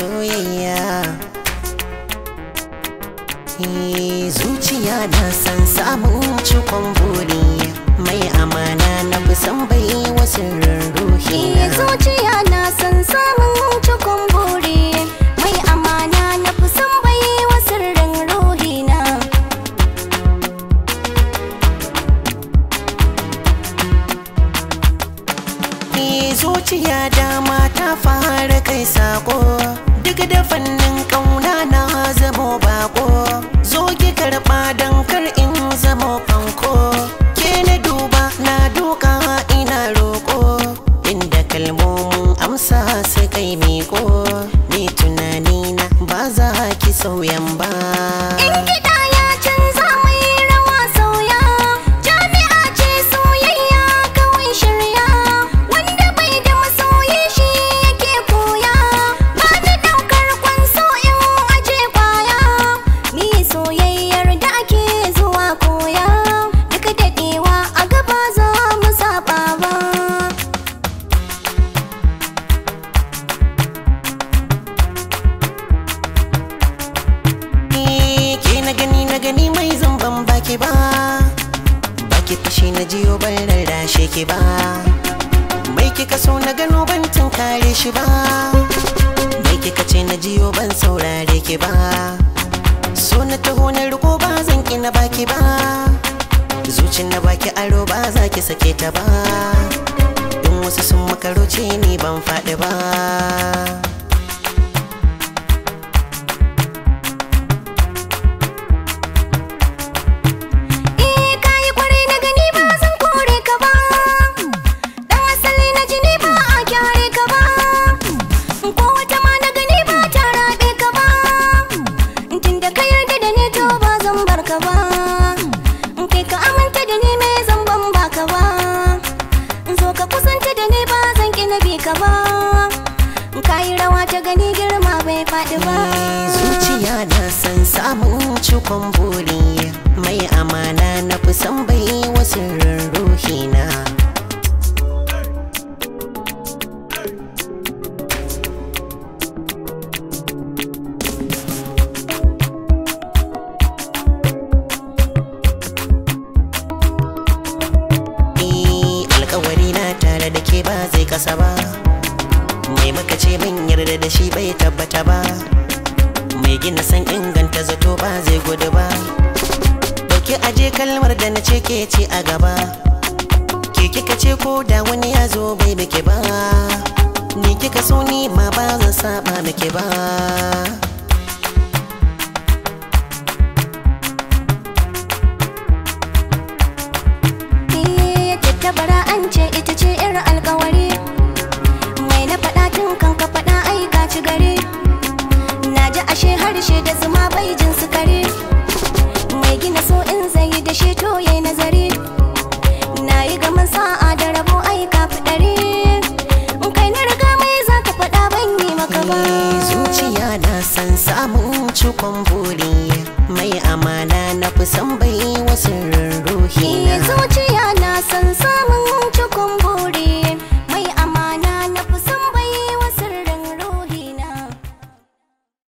soyayya eh, zuciya na san samun cikon buri mai amana na fi san bai wasu ruhi eh, zuciya na san samun cikon buri mai amana na fi san bai wasu ruhi na eh, zuciya dama ta fara kai sako duk da fannin kauna na zamo bako zo ki karɓa dan kar in zamo fanko ke na duba na duka ina roko inda kalmomin amsa su kai miko ni tunanina ba za ki sauyan ba ki ba baki na jiyo ban rarrashe ki ba mai kika so na gano ban tunkare shi ba mai kika ce na jiyo ban saurare ki ba so na taho na riko ba zan ki na baki ba zuci na baki aro ba za ki sake ta ba in wasu sun makaroce ni ban faɗi ba kayi rawa ta gani girma bai faɗi ba zuciya na san samun cikon buri mai amana na fi san bai wasu ruhi na eh, alkawari na tare da ke ba zai kasa ba muka ce min yarda da shi bai tabbata ba mai gina san inganta zato ba zai gudu ba dauki aje kalmar da na ce ke ce a gaba ke kika ce ko da wani ya zo bai miki ba ni kika so ni ma ba zan saba miki ba da zuma bai jin sukari mai gina so in zai da shi to yayi nazari na yi gaman sa'a da rabo ai ka fidare in kai na riga mai za ka faɗa ban yi maka ba zuciya na san samun cikon buri mai amana na fi san bai wasu ruhi na zuciya